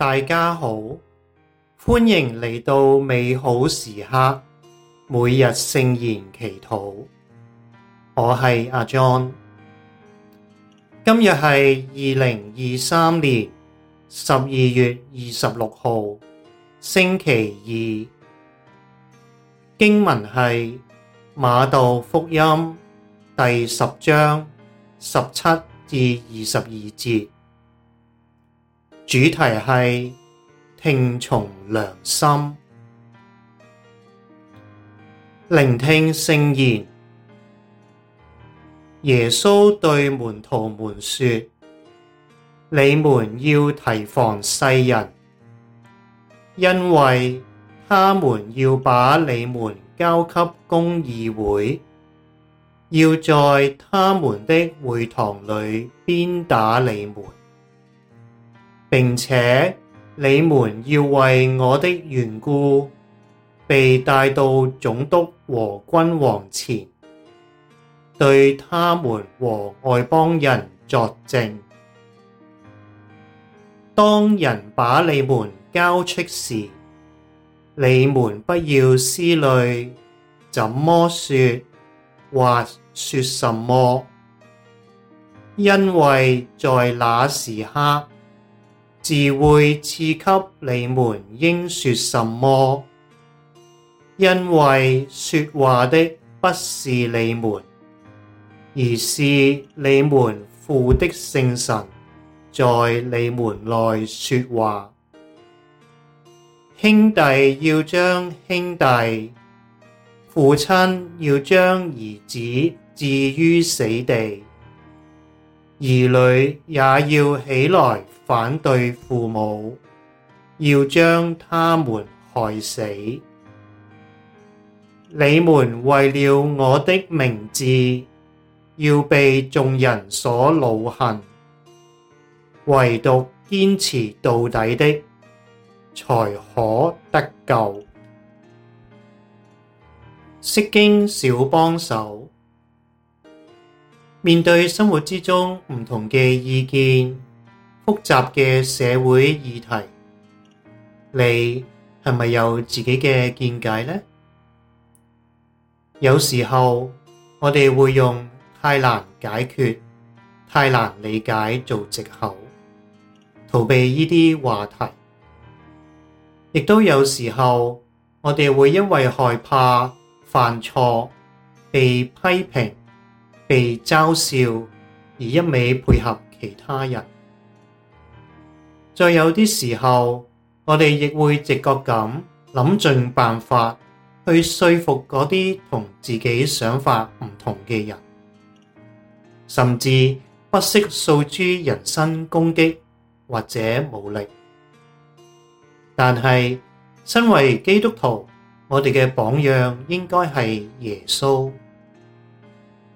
大家好，歡迎嚟到美好時刻每日聖言祈禱。我係阿 John，今日係二零二三年十二月二十六號星期二，經文係馬竇福音第十章十七至二十二節。主題係聽從良心，聆聽聖言。耶穌對門徒們說：你們要提防世人，因為他們要把你們交給公議會，要在他們的會堂裏鞭打你們。並且你們要為我的緣故被帶到總督和君王前，對他們和外邦人作證。當人把你們交出時，你們不要思慮怎麼說或說什麼，因為在那時刻。自會賜給你們應說什麼，因為說話的不是你們，而是你們父的聖神在你們內說話。兄弟要將兄弟，父親要將兒子置於死地。兒女也要起來反對父母，要將他們害死。你們為了我的名字，要被眾人所惱恨，唯獨堅持到底的，才可得救。釋經小幫手。面對生活之中唔同嘅意見、複雜嘅社會議題，你係咪有自己嘅見解呢？有時候我哋會用太難解決、太難理解做藉口，逃避呢啲話題。亦都有時候我哋會因為害怕犯錯、被批評。被嘲笑，而一味配合其他人。再有啲時候，我哋亦會直覺咁諗盡辦法去說服嗰啲同自己想法唔同嘅人，甚至不惜訴諸人身攻擊或者武力。但係身為基督徒，我哋嘅榜樣應該係耶穌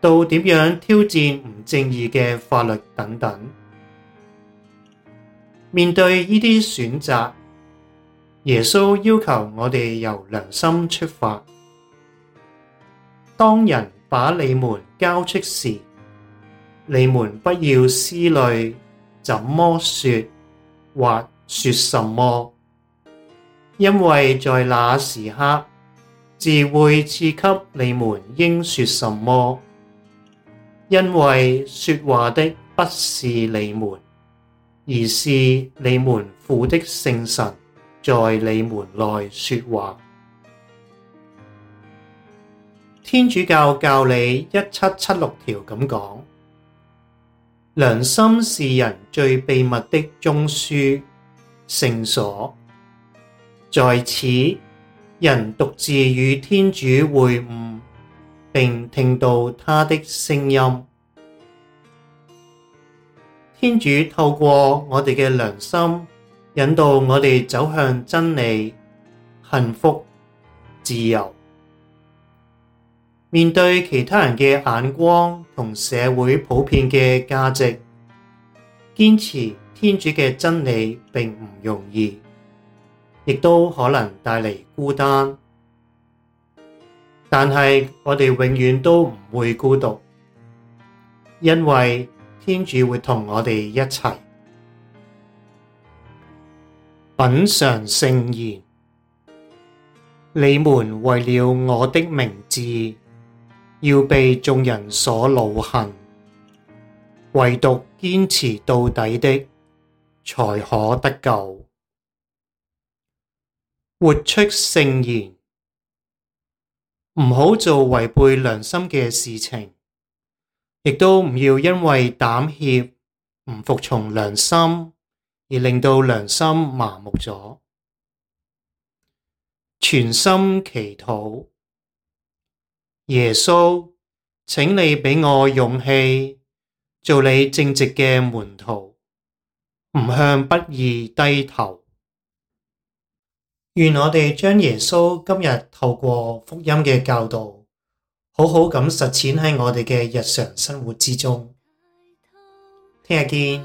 到點樣挑戰唔正義嘅法律等等，面對呢啲選擇，耶穌要求我哋由良心出發。當人把你們交出時，你們不要思慮怎麼說或說什麼，因為在那時刻，自會賜給你們應說什麼。因為說話的不是你們，而是你們父的聖神在你們內說話。天主教教理一七七六條咁講，良心是人最秘密的中樞、聖所，在此人獨自與天主會晤，並聽到他的聲音。天主透過我哋嘅良心，引導我哋走向真理、幸福、自由。面對其他人嘅眼光同社會普遍嘅價值，堅持天主嘅真理並唔容易，亦都可能帶嚟孤單。但係我哋永遠都唔會孤獨，因為天主會同我哋一齊。品嘗聖言。你們為了我的名字，要被眾人所惱恨，唯獨堅持到底的才可得救。活出聖言。唔好做違背良心嘅事情，亦都唔要因為膽怯唔服從良心而令到良心麻木咗。全心祈禱，耶穌，請你俾我勇氣，做你正直嘅門徒，唔向不義低頭。願我哋將耶穌今日透過福音嘅教導，好好咁實踐喺我哋嘅日常生活之中。聽日見。